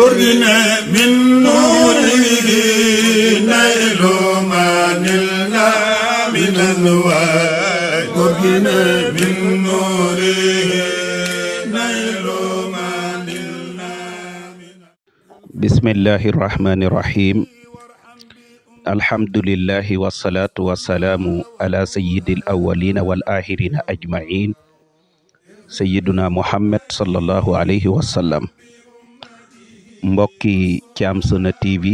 قرنا من نوره نيل من الله من الوعي قرنا من نوره bismillahi irrahmani irrahim alhamdulilahi wasalaatu wasalaamu ala sayidil awalina wal axirina ajmain sayiduna muhammad sallallahu alayhi wa sallam mbokki Thiam Sono TV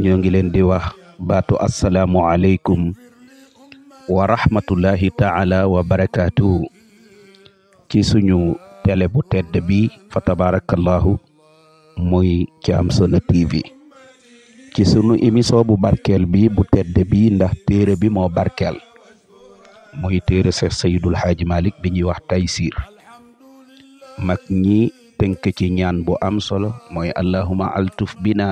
ñoo ngi leen di wax baatu asalaamu aleykum wa rahmatullahi taala wa ci suñu tele bu tedd bi fa tabarakallahu muy Thiam Sono TV ci sunu émission bu barkeel bi bu tedd bi ndax téere bi moo barkeel muy téere Seex Seydul Xaaji Malik bi ñuy wax Taysiir mag ñi tënk ci ñaan bu am solo mooy allahuma altuf bina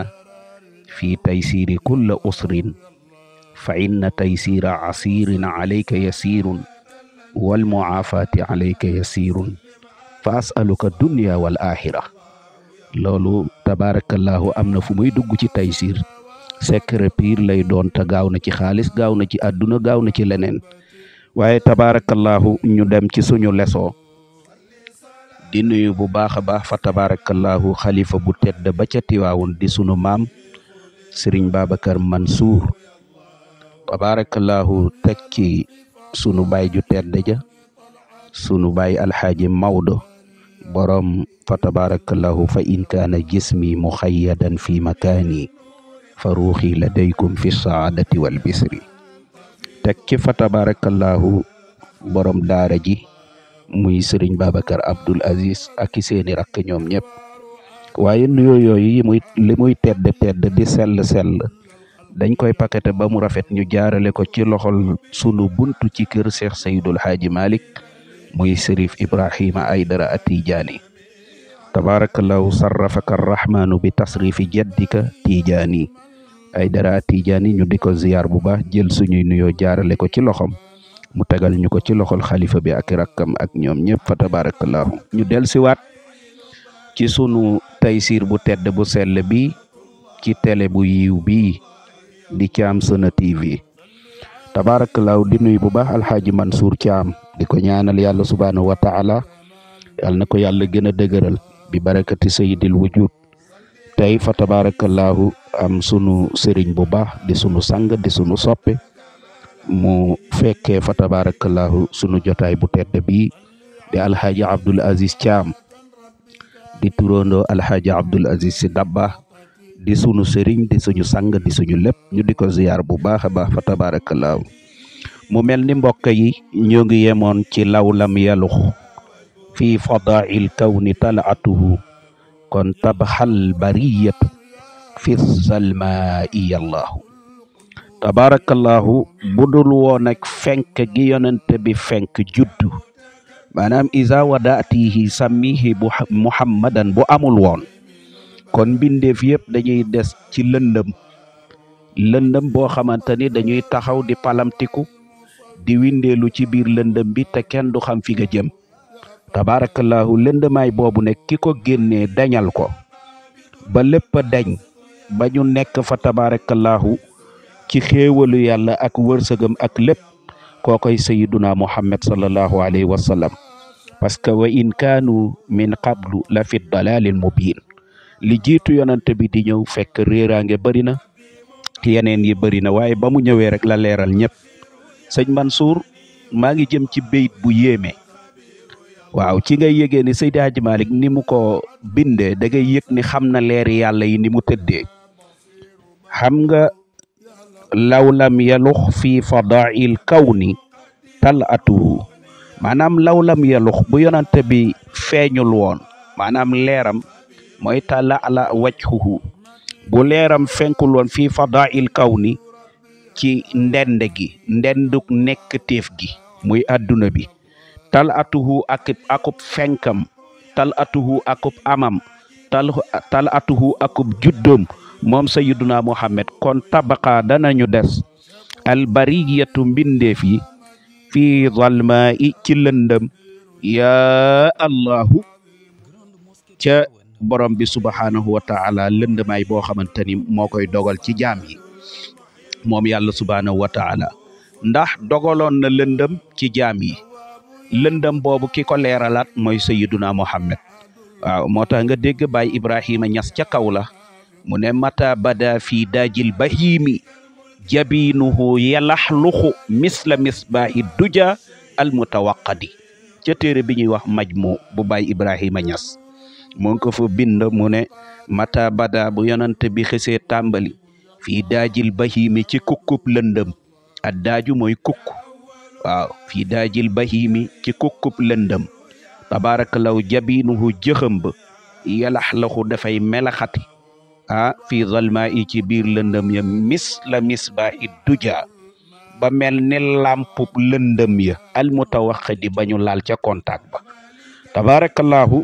fi taysiri kulla usrin fa inna taysira asirin alayka yasirun wal muaafati alayka yasirun fa asaluka dunya wal axira loolu tabarakallahu am na fu muy dugg ci tey taysir secret piir lay doon te gaaw na ci xaalis gaaw na ci àdduna gaaw na ci leneen waaye tabarakallahu ñu dem ci suñu lesoo di nuyu bu baax a baax fa tabaarakallaahu xalifa bu tedd ba ca tiwaawoon di sunu maam sëriñ Babacar Mansour tabaarakallaahu teg sunu baay ju tedd ja sunu baay alxaaji Maodo borom fa tabaarakallaahu fa in kaana jismi muxayyadan fi makaani fa ruuxi ladaykum fi saadati wal bisri teg fa tabaarakallaahu borom daara ji muy sëriñ Babacar Abdoul Aziz ak i seeni rakk ñoom ñëpp waaye nuyoo yooyu yi muy li muy tedd tedd di sell sell dañ koy paqueté ba mu rafet ñu jaarale ko ci loxol sunu buntu ci kër Cheikh Seydul Haaji Malick muy sërif Ibrahima Aydara Atijaani tabaarakallaahu sarrafaka rahmaanu bi tasrifi jeddika dara Aydara Atijaani ñu di ko ziyaar bu baax jël suñuy nuyoo jaarale ko ci loxom mu tegal ñu ko ci loxol xalifa bi ak rakkam ak ñoom ñëpp fa tabarakallahu ñu del ci sunu taysiir bu tedd bu sell bi ci télé bu yiw bi di Thiam Sono TV tabarakallahu di nuyu bu baax alxaaji Mansour Thiam di ko ñaanal yàlla subhanahu wa taala yàlla na ko yàlla gën a dëgëral bi barakati sayidil wujud tey fa tabarakallahu am sunu sëriñ bu baax di sunu sang di sunu soppi mu fekkee fa tabarakallahu sunu jotaay bu tedd bi di alxaaji Abdul Aziz Thiam di turandoo alxaaji Abdul Aziz si Dabba di sunu sëriñ di suñu sang di suñu lépp ñu di ko ziyaar bu baax a baax fa tabarakallahu mu mel ni mbokk yi ñoo ngi yemoon ci law lam yalux fii fadail kawni talaatuhu kon tabaxal bariyat fi zalma tabaarakallaahu bu woon ak fenk gi yonente bi fenk juddu maanaam isa wadaatihi sammihi bu muhammadan bu amul woon kon mbindeef yépp dañuy des ci lëndëm lëndëm boo xamante ni dañuy taxaw di palamtiku di windeelu ci biir lëndëm bi te kenn du xam fi nga jëm tabaarakallaahu lëndëmaay boobu ne ki ko génnee dañal ko ba lépp a dañ nekk fa tabaarakallaahu ci xéewalu yàlla ak wërsëgam ak lépp kookoy sayiduna muhammad sallallahu alayhi wa sallam parce que wa in kaanu min qablu la fi dalalil mubin li jiitu yonante bi di ñëw fekk réeraange bëri na yeneen yi bëri na waaye ba mu ñëwee rek la leeral ñëpp sëñ Mansour maa ngi jëm ci béyit bu yéeme waaw ci nga yëgee ni Seydi ni mu ko bindee da ngay yëg ni xam na leeri yàlla yi ni mu tëddee xam nga law lam yalux fi fadail kawni tal atuhu maanaam law lam yalux bu yonante bi feeñul woon maanaam leeram mooy tala ala wajhuhu bu leeram fenkul woon fii kaw kawni ci ndend gi ndenduk nekk téef gi muy àdduna bi tal atuhu ak akub fenkam tal atuhu akub amam tal tal atuhu akub juddoom moom sayyiduna Muhammad kon tabaqa danañu des albariyatu mbindeef yi fii zalmaa i ci lëndëm yaa allahu ca borom bi subhaanahu wa taala lëndëmaay boo xamante ni moo koy dogal ci jaam i moom yàlla subhaanahu wa taala ndax dogaloon na lëndëm ci jaam yi lëndëm boobu ki ko leeralaat mooy sayyiduna Muhammad waaw moo tax nga dégg Baay Ibrahima Ñas ca kaw la mu ne mata bada fi daajil bahimi jabiinuhu yalaxluxu misla misbaahi duja almutawaqadi ca téere bi ñuy wax majmu bu Baay Ibrahima Ñas moo ngi ko fa bind mu ne mata bada bu yonante bi xësee tàmbali fii daajil bahimi ci kukkub lëndëm ak daaju kukk waaw fii daajil bahimi ci kukkub lëndëm tabaarakallaw jabiinuhu jëxëm ba yalaxlaxu dafay melaxati ah fii zalma yi ci biir lëndëm ya mis la mis ba i duja ba mel ni làmpub lëndëm ya al mutawaqidi ba ñu laal ca contact ba tabarakallahu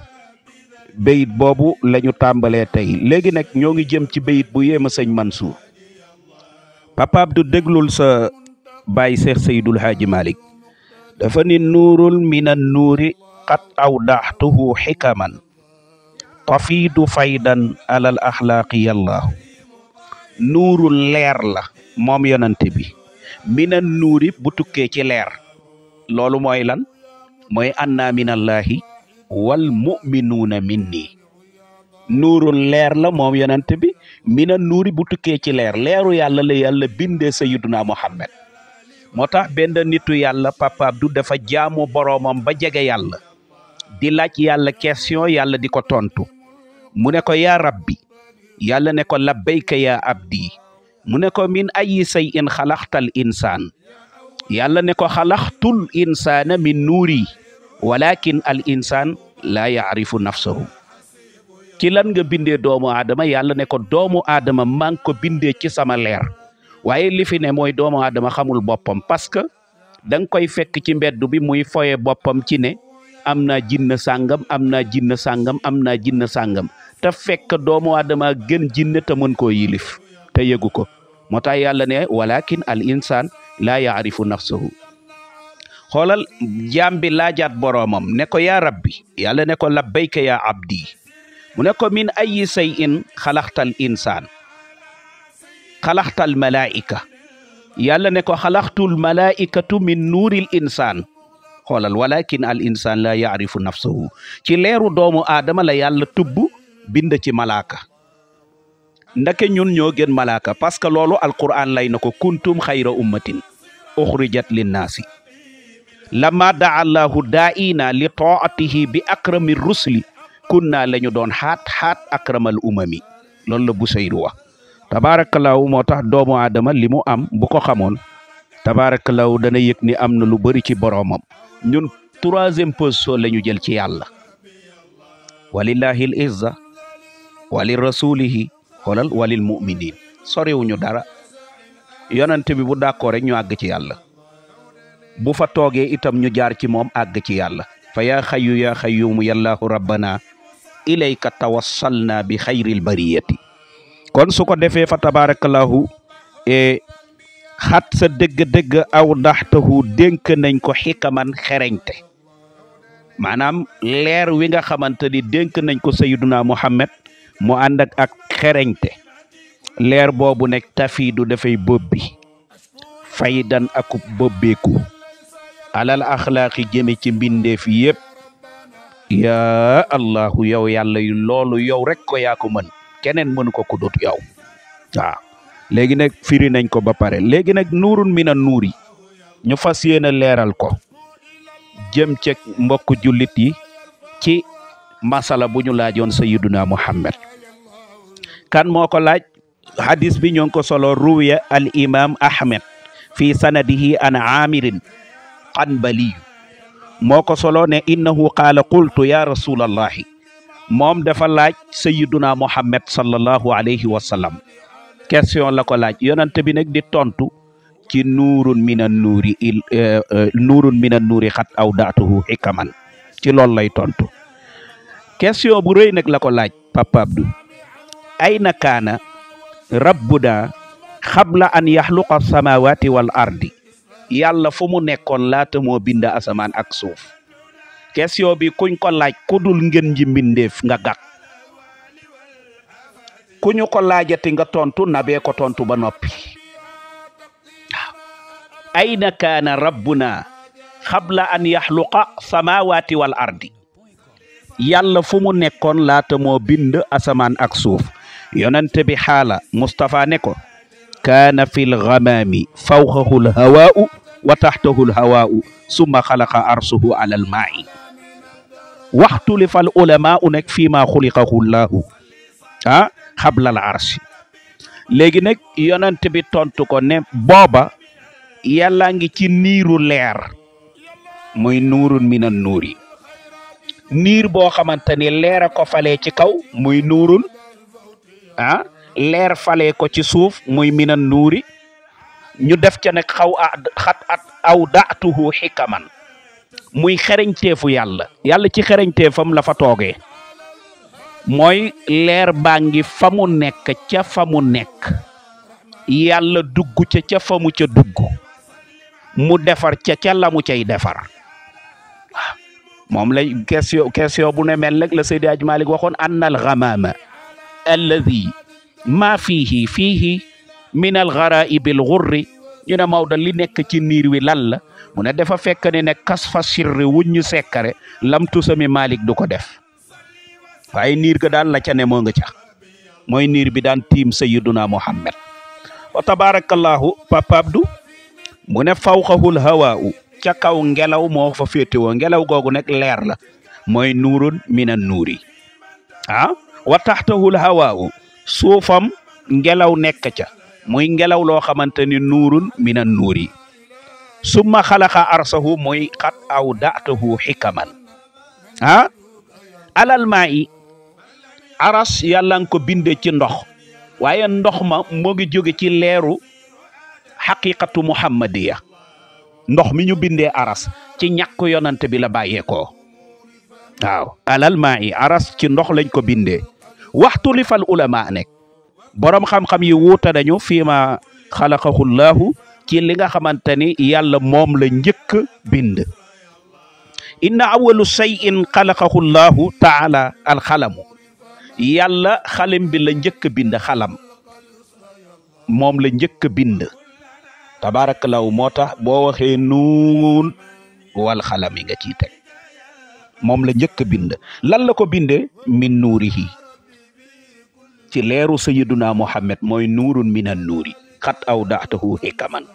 béyit boobu lañu ñu tàmbalee tey léegi nag ñoo ngi jëm ci béyit bu yéema sëñ man Mansour papa du déglul sa baay Seex Seydul Haaji Malik dafa ni nuurul minan nuuri qad awdaxtuhu xikaman tafiidu faydan alal axlaaqi yàlla nuuru leer la moom yonante bi mina nuuri bu tukkee ci leer loolu mooy lan mooy anna minallaahi wal muminuuna minni nuuru leer la moom yonante bi mina nuuri bu tukkee ci leer leeru yàlla la yàlla bindee sayiduna muhammad moo tax benn nitu yàlla papa du dafa jaamu boroomam ba jege yàlla di laaj yàlla question yàlla di ko tontu mu ne ko yaa rabbi yàlla ne ko labbayka yaa abdi mu ne ko min ayi say in xalaxtal insaan yàlla ne ko xalaxtul insaana min nuuri walakin al insaan laa yaarifu nafsahu ci lan nga bindee doomu aadama yàlla ne ko doomu aadama maa ko bindee ci sama leer waaye li fi ne mooy doomu aadama xamul boppam parce que da nga koy fekk ci mbedd bi muy foye boppam ci ne am naa jinna sàngam am naa jinna sàngam am naa jinna sàngam te fekk doomu aadama gën jinne ta mën koo yilif te yëgu ko moo tax yàlla ne walakin al insaan laa yaarifu nafsahu xoolal jaam bi laajaat boroomam ne ko yaa rabbi yàlla ne ko labbayka yaa abdi mu ne ko min ayi say in xalaxtal insaan xalaxtal malaa'ika yàlla ne ko xalaxtul malaa'ikatu min nuuril insaan xoolal walakin al insaan laa yaarifu nafsahu ci leeru doomu aadama la yàlla tubb bind ci malaaka ndake ñun ñoo gën malaaka parce que loolu alquran lay na ko kuntum xayra ummatin uxrijat linnaasi lama daa allahu daaina li taatihi bi akrami rusli kunna la ñu doon xaat xaat akramal umami loolu la Busayri wax tabaarakallaahu moo tax doomu aadama li mu am bu ko xamoon tabaarakallaahu dana yëg ni am na lu bëri ci boroomam ñun troisième position la ñu jël ci yàlla walillahi l izza wali rasulihi xoolal walil muminin soriwuñu dara yonent bi bu d'accord rek ñu àgg ci yàlla bu fa toogee itam ñu jaar ci moom àgg ci yàlla fa yaa xayu yaa xayumu yallaahu rabbana ilayka tawassalna bi xayril bariyati kon su ko defee fa tabarakallahu e xat sa dëgg-dëgg aw ndaxtahu dénk nañ ko xikaman xereñte maanaam leer wi nga xamante ni dénk nañ ko sayyiduna muhammad mu ànd ak xereñte leer boobu nekk tafiidu dafay bobbi faydan akub bobbeeku alal axlaaqi jëme ci mbindeef yépp yaa allahu yow yàlla yu loolu yow rek ko yaa ko mën keneen mënu ko ku dut yow waaw léegi nag firi nañ ko ba pare léegi nag nuurun mi na nuuri ñu fas yéene leeral ko jëm ci mbokk jullit yi ci masala bu ñu laajoon sayiduna muhammad kan moo ko laaj hadis bi ñoo ngi ko solo ruwiya al imam ahmed fi sanadihi an amirin qanbaliyu moo ko solo ne innahu qaala qultu ya rasulallahi moom dafa laaj sayiduna muhammad sallallahu alayhi wa sallam la ko laaj yonante bi nag di tontu ci nuurun minan nuuri il eh, eh, nuurun minan nuuri xat aw daatuhu xikaman ci loolu lay tontu question bu rëy nag la ko laaj Papa Abdou ay na kaana rabbuna xabla an yaxluqa samawati wal ardi yàlla fu mu nekkoon laata moo bind asamaan ak suuf question bi kuñ ko laaj ku dul ngeen ji mbindeef nga gàkk ku ñu ko laajati nga tontu nabee ko tontu ba noppi ayna kaana rabbuna xabla an yaxluqa samawati wal ardi yàlla fu mu nekkoon laata moo bind asamaan ak suuf yonente bi xaala Mustapha ne ko kaana fi lgamaami fawqahu lhawaau wa taxtahu lhawaau summa xalaqa al ulamaau nag fii maa xuliqahu llaahu ah xabla al arshi léegi nag yonent bi tontu ko ne booba yàllaa ngi ci niiru leer muy nuurun minan nuuri niir boo xamante ni leer ko fale ci kaw muy nuurun ah, leer fale ko ci suuf muy minan nuuri ñu def ca nag xaw a xat at aw daatuhu xikaman muy xereñteefu yàlla yàlla ci xereñteefam la fa toogee mooy leer baa ngi fa mu nekk ca fa nekk yàlla dugg ca ca fa ca dugg mu defar ca ca lamu cay defar moom lay question question bu ne mel nag la Seydi Hadji Malick waxoon an al ghamama alladi maa fiihi fiihi min al gharaibi al ñu ne Maodo li nekk ci niir wi lan la mu ne dafa fekk ne ne kas fa sirri wuññu sekkare lam tusami Malick du ko def waaye niir ga daal la ca ne moo nga mooy niir bi daan tiim sayyiduna Muhammad wa tabarakallahu Papa Abdou mu ne fawqahul hawaa'u ca kaw ngelaw moo fa féetewoo ngelaw googu nag leer la mooy nuurun mina nuuri ah wa taxtahul hawaawu suufam ngelaw nekk ca muy ngelaw loo xamante ni nuurun mina nuuri summa xalaqa arsahu muy xat aw daatahu xikaman ah alal maa yi aras yàlla ko bindee ci ndox waaye ndox ma moo ngi ci leeru xaqiqatu muhammadiya ndox mi ñu bindee aras ci ñàkk yonante bi la bàyyeekoo waaw alal maa i aras ci ndox lañ ko bindee waxtu li fal ulama nekk borom xam-xam yi wuute nañu fii ma xalaqahu ci li nga xamante ni yàlla moom la njëkk bind inna awalu shay'in xalaqahu llaahu taala alxalamu yàlla xalam bi la njëkk bind xalam moom la njëkk bind tabaarakallaahu moo tax boo waxee nuun wal nga ciy teg moom la njëkk a bind lan la ko bindee min nuurihi ci leeru sayiduna muhammad mooy nuurun minan nuuri xat aw daxtahu xikaman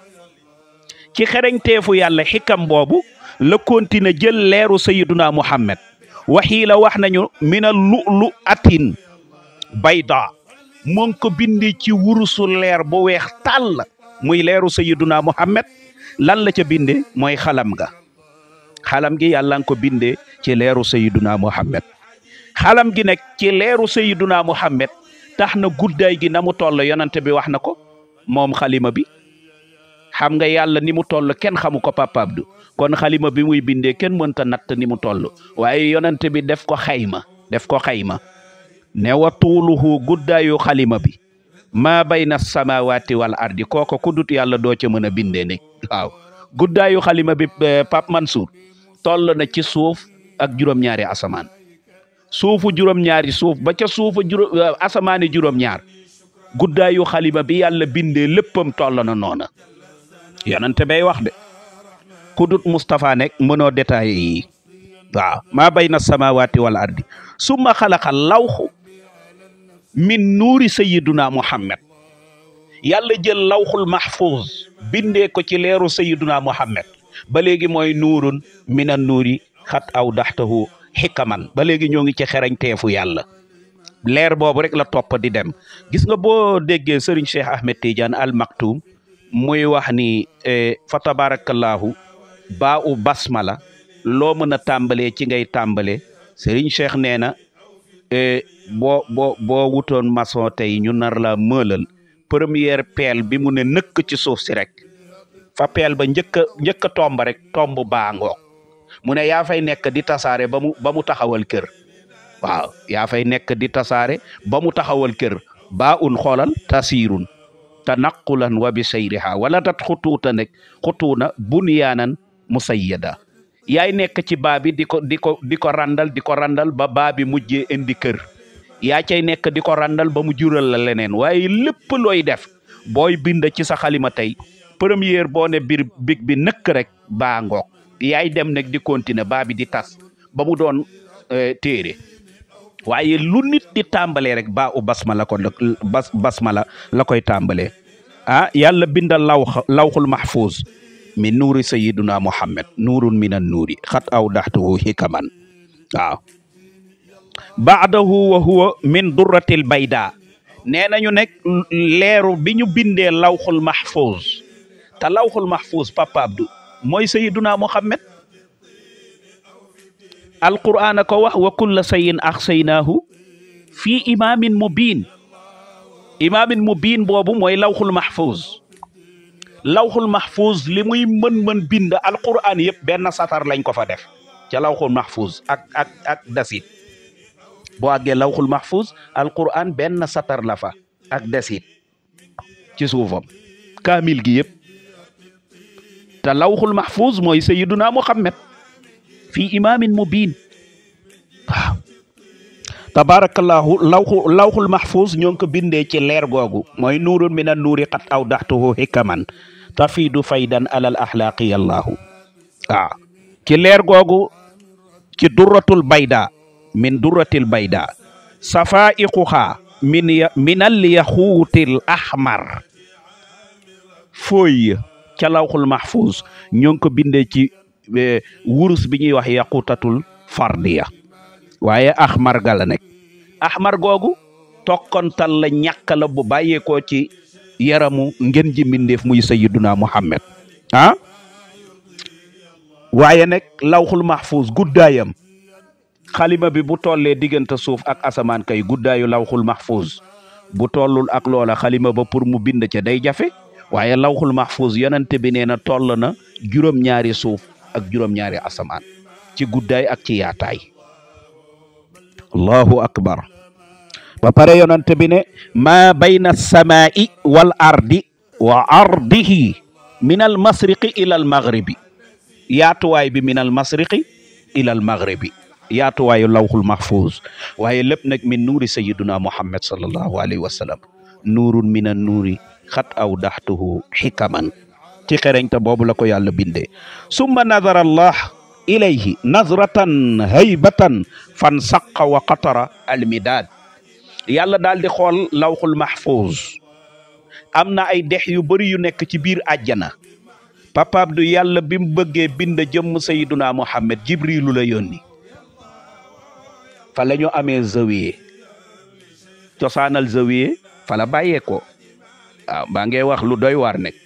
ci xereñteefu yàlla xikam boobu la kontine jël leeru sayiduna muhammad waxii la wax nañu mina lulu atin bayda moo ngi ko bindee ci wurusu leer bu weex tàll muy leeru sayiduna muhammad lan la ca binde mooy xalam nga xalam gi yàlla nga ko binde ci leeru sayiduna muhammad xalam gi nag ci leeru mu muhammad tax na guddaay gi na mu toll yonante bi wax na ko moom xalima bi xam nga yàlla ni mu toll kenn xamu ko papaab du kon xalima bi muy bindee kenn mënta natt ni mu toll waaye yonante bi def ko xayma def ko xayma ne wa tuuluhu guddaayu xalima bi maa bayna samawati wal ardi kooko ku dut yàlla doo ca mën a bindee ne waaw guddaayu xalima bi eh, Pape Mansour toll na ci suuf ak juróom-ñaari asamaan suufu juróom-ñaari suuf ba ca suufa juróom eh, asamaani juróom-ñaar guddaayu xalima bi yàlla bindee léppam toll na noona yonente bay wax de ku dut Moustapha nekk mënoo détaillé yi waaw maa bayna samawati wal ardi summa xalaqa lawxu min nuuri sayiduna muhammad yàlla jël lawxul mahfuz bindee ko ci leeru sayiduna muhammad ba léegi mooy nuurun mina nuuri xat aw daxtahu xikaman ba léegi ñoo ngi ci xerañteefu yàlla leer boobu rek la topp di dem gis nga boo déggee sëriñ Cheikh Ahmed Tidiane al Maktoum muy wax ni eh, fa tabarakallahu baa u basmala loo mën a tàmbalee ci ngay tàmbalee sëriñ Cheikh nee E, boo boo boo wutoon maçon tey ñu nar la mëlal première peel bi mu ne nëkk ci suuf si rek fa peel ba njëkk a njëkk tomb rek tomb baa ngoog mu ne yaa fay nekk di tasaare ba mu ba mu taxawal kër waaw yaa fay nekk di tasaare ba mu taxawal kër baa un xoolal tasiirun tanaqulan wa bi sayriha wala tat xutuuta nek xutuuna bunyaanan musayyada yaay nekk ci baa bi di ko di ko di ko randal di ko ràndal ba baa bi mujjee indi kër yaa cay nekk di ko randal ba mu jural la leneen waaye lépp looy def booy bind ci sa xalima tey première boo ne biir big bi nëkk rek baa ngoog yaay dem nag di continuer baa bi di tas ba mu doon eh, téere waaye lu nit di tàmbalee rek baa u la ko bas basmala la koy tàmbalee ah yàlla bindal lawx lawxul mahfuus min nuuri sayiduna muhammad nuurun min an nuuri xat aw daxtuhu xikaman waaw baadahu wa huwa min durratil bayda nee nañu nekk leeru bi ñu bindee lawxul mahfuz te lawxul mahfuz papa abdou mooy sayiduna muhammad alquran a ko wax wa kulla sayin axsaynaahu fii imaamin mubiin imaamin mubiin boobu mooy lawxul mahfuz lawxul mahfuz li muy mën-mën bind alquran yëpp benn satar lañ ko fa def ca lawxul mahfuz ak ak ak dasit boo àggee lawxul mahfuz alquran benn satar la fa ak dasit ci suufam kaamil gi yëpp te lawxul mahfuz mooy sayyiduna muhammad fi imaamin mubin waaw tabaarakallaahu lawxu lawxul mahfuus ñoo ngi ko bindee ci leer googu mooy nuurun min an nuuri xat aw daxtuhu hikaman tafiidu faydan alal axlaaqi yallaahu ci leer googu ci durratul bayda min durratil bayda safaiquha min ya minal yaxuutil ahmar fooy ca lawxul mahfuus ñoo bindee ci eh, wurus bi ñuy wax yaquutatul fardiya waaye axmar marga la nekk axmar googu tokkontal la ñàkk la bu bàyyeekoo ci yaramu ngeen ji mbindeef muy sayyiduna muhammad ah waaye nag lawxul mahfuus guddaayam xalima bi bu tollee diggante suuf ak asamaan kay guddaayu lawxul mahfuus bu tollul ak loola xalima ba pour mu bind ca day jafe waaye lawxul mahfuus yonente bi nee na toll na juróom-ñaari suuf ak juróom-ñaari asamaan ci guddaay ak ci yaataay allahu akbar ba pare yonante bi ne ma bayna samaa'i wal ardi wa ardihi min al masriqi ila al maghribi yaatuwaay bi min al masriqi ila al maghribi yaatuwaayu lawxul mahfuz waaye lépp nag min nuuri sayiduna muhammad sallallahu alayhi wa sallam nuurun min an nuuri xat aw daxtuhu xikaman ci xereñte boobu la ko yàlla bindee summa nadara allah ilayhi nazratan haybatan fan saqa wa qatara almidaad yàlla daal xool lawxul mahfuuz am na ay dex yu bëri yu nekk ci biir àjjana papaab du yàlla bi bëggee bind jëmm sayyiduna muhammad jibrilu la yónni fa la ñu amee zawiye cosaanal zawiye fa la bàyyee waaw maa ngi wax lu doy waar nekk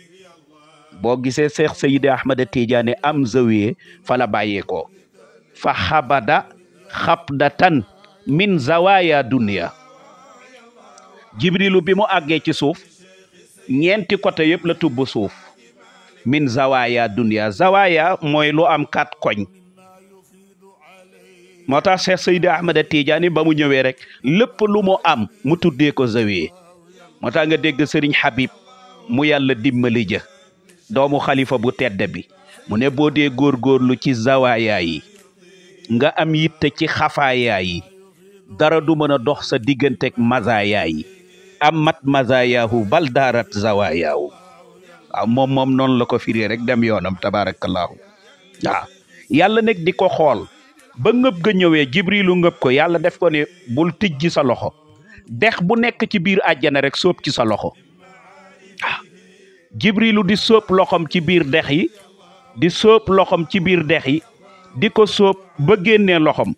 boo gisee seex sayidi ahmada tidiane am zawiye fa la bàyyeekoo fa xabada xabdatan min zawaya dunia jibrilu bi mu àggee ci suuf ñeenti côté yëpp la tubb suuf min zawaya dunia zawaya mooy lu am kat koñ moo tax Cheikh Seydi Ahmada Tidiane ba mu ñëwee rek lépp lu mu am mu tuddee ko zawiye moo tax nga dégg sëriñ Habib mu yàlla dimbali jë doomu xalifa bu tedde bi mu ne boo dee góor góorlu ci zawaayaa yi nga am yitte ci xafaayaa yi dara du mën a dox sa digganteeg mazaayaa yi amat mazaayaahu bal daarat zawaayaahu waaw moom moom noonu la ko firee rek dem yoonam tabaarakallaahu waaw yàlla nag di ko xool ba ngëb ga ñëwee jibrilu ngëb ko yàlla def ko ne bul tijji sa loxo dex bu nekk ci biir àjjana rekk sóob ci sa loxo jibrilu di sóob loxom ci biir dex yi di sóob loxom ci biir dex yi di ko sóob ba génnee loxom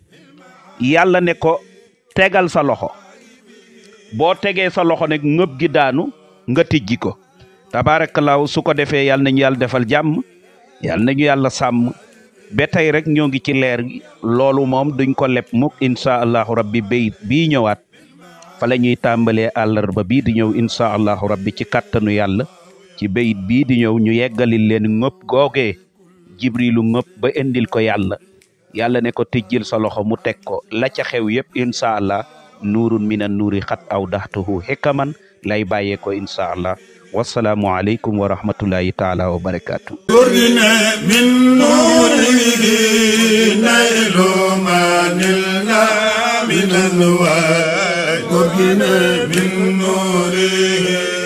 yàlla ne ko tegal sa loxo boo tegee sa loxo nag ngëb gi daanu nga tijji ko tabaarakallaahu su ko defee yàlla nañu yàlla defal jàmm yàlla nañu yàlla sàmm ba tey rek ñoo ngi ci leer gi loolu moom duñ ko leb mukk incha allahu rabbi bayit bii ñëwaat fa la ñuy tàmbalee àllarba bii di ñëw incha allahu rabbi ci kàttanu yàlla ci bayit bii di ñëw ñu yeggalil leen ngëpp googee jibrilu ngëpp ba indil ko yàlla yàlla ne ko tijjil sa loxo mu teg ko la ca xew yëpp incha allah nuurun mina nuuri xat aw daxtuhu xikaman lay bàyyee ko incha allah wasalaamu aleykum wa rahmatullahi taala wa barakaatu min nuurihi naylu ma nilna min alwaay min nuurihi